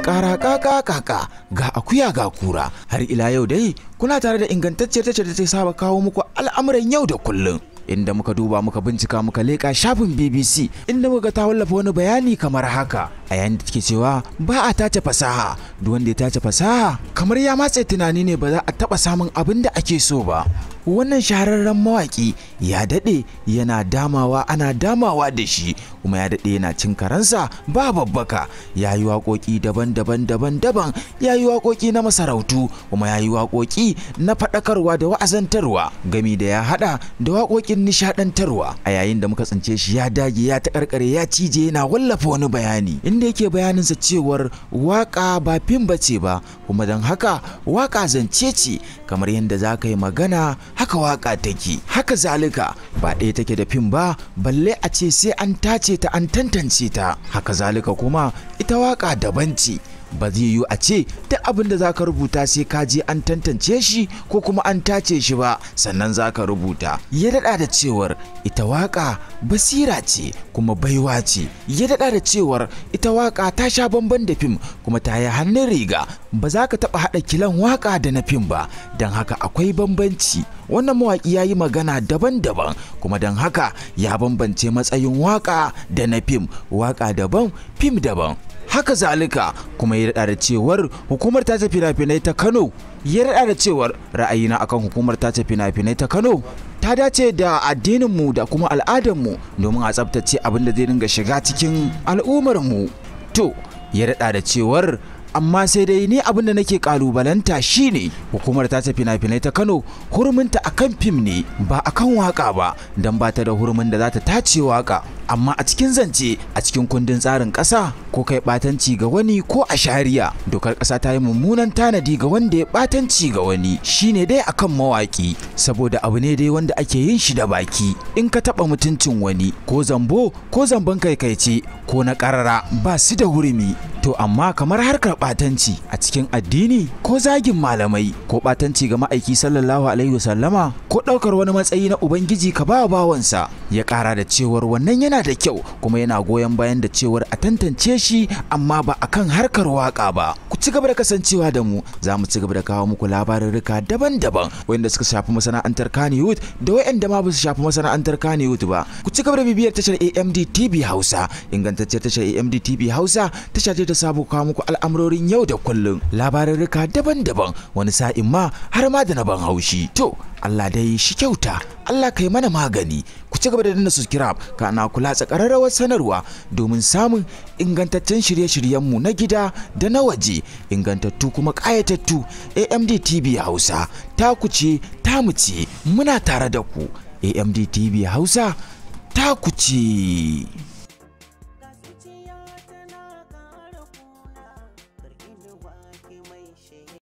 kara kaka kaka ga akuya ga kura har ila yau dai kuna tare da ingantacciyar tace da ta saba kawo muku al'amuran yau da kullum inda muka duba muka bincika muka leƙa shafin BBC inda muka ta wallafa wani bayani kamar haka a yayin da take cewa ba a tace fasaha duk wanda ya tace fasaha kamar ya matse tunani ne ba za a taɓa samun abin da ake so ba wannan shahararren mawaƙi ya daɗe yana damawa ana damawa da shi kuma ya daɗe yana cin karansa ba babbaka ya yi waƙoƙi daban-daban daban-daban ya yi waƙoƙi na masarautu kuma ya yi waƙoƙi na faɗakarwa da wa'azantarwa gami da ya haɗa da waƙoƙin nishaɗantarwa a yayin da muka tsince shi ya dage ya taƙarƙare ya cije yana wallafa wani bayani inda yake bayanin sa cewar waƙa ba fim bace ba kuma don haka waƙa zance ce kamar yadda za ka yi magana haka waka take haka zalika ba ɗaya take da fim ba balle a ce sai an tace ta an tantance ta haka zalika kuma ita waka daban ce ba zai yiwu a ce duk abin da zaka rubuta sai ka je an tantance shi ko kuma an tace shi ba sannan zaka rubuta ya daɗa da cewar ita waƙa basira ce kuma baiwa ce ya daɗa da cewar ita waƙa ta sha bamban da fim kuma ta yi hannun riga ba za ka taɓa haɗa kilan waƙa da na fim ba don haka akwai bambanci wannan mawaƙi ya yi magana daban-daban kuma don haka ya bambance matsayin waƙa da na fim waƙa daban fim daban haka zalika kuma ya da cewar hukumar tace fina-finai ta kano ya da cewar ra'ayina akan hukumar tace fina-finai ta kano ta dace da addininmu da kuma al'adarmu domin a tsabtace abin da zai dinga shiga cikin mu to ya daɗa da cewar amma sai dai ni abin da nake kalubalanta shine hukumar ta ce fina-finai ta kano hurminta akan fim ne ba akan waka ba don ba ta da hurmin da za ta tace waka amma a cikin zance a cikin kundin tsarin ƙasa ko kai batanci ga wani ko a shariya dokar ƙasa ta yi mummunan tanadi ga wanda ya batanci ga wani shine dai akan mawaƙi saboda abu ne dai wanda ake yin shi da baki in ka taɓa mutuncin wani ko zambo ko zamban kaikaice ko na ƙarara ba su da hurumi to amma kamar harkar batanci a cikin addini ko zagin malamai ko ɓatanci ga ma'aiki sallallahu alaihi wasallama ko ɗaukar wani matsayi na ubangiji ka ba bawansa ya ƙara da cewar wannan yana da kyau kuma yana goyon bayan da cewar a tantance shi amma ba kan harkar waka ba ku ci gaba da kasancewa da mu za mu ci gaba da kawo muku labarurruka daban-daban wanda suka shafi masana'antar Kannywood da wayanda ma ba su shafi masana'antar Kannywood ba ku ci gaba da bibiyar tashar AMD TV Hausa ingantacciyar tashar AMD TV Hausa tasha ce ta sabo kawo muku al'amurorin yau da kullum rika daban-daban wani sa'in ma har ma da na ban haushi to Allah dai shi kyauta Allah kai mana magani ci gaba da danna subscribe kana kula tsakararrawar sanarwa domin samun ingantaccen shirye-shiryenmu na gida da na waje ingantattu kuma ƙayatattu AMD TV Hausa ta kuce ta mu ce muna tare da ku AMD TV Hausa ta kuce.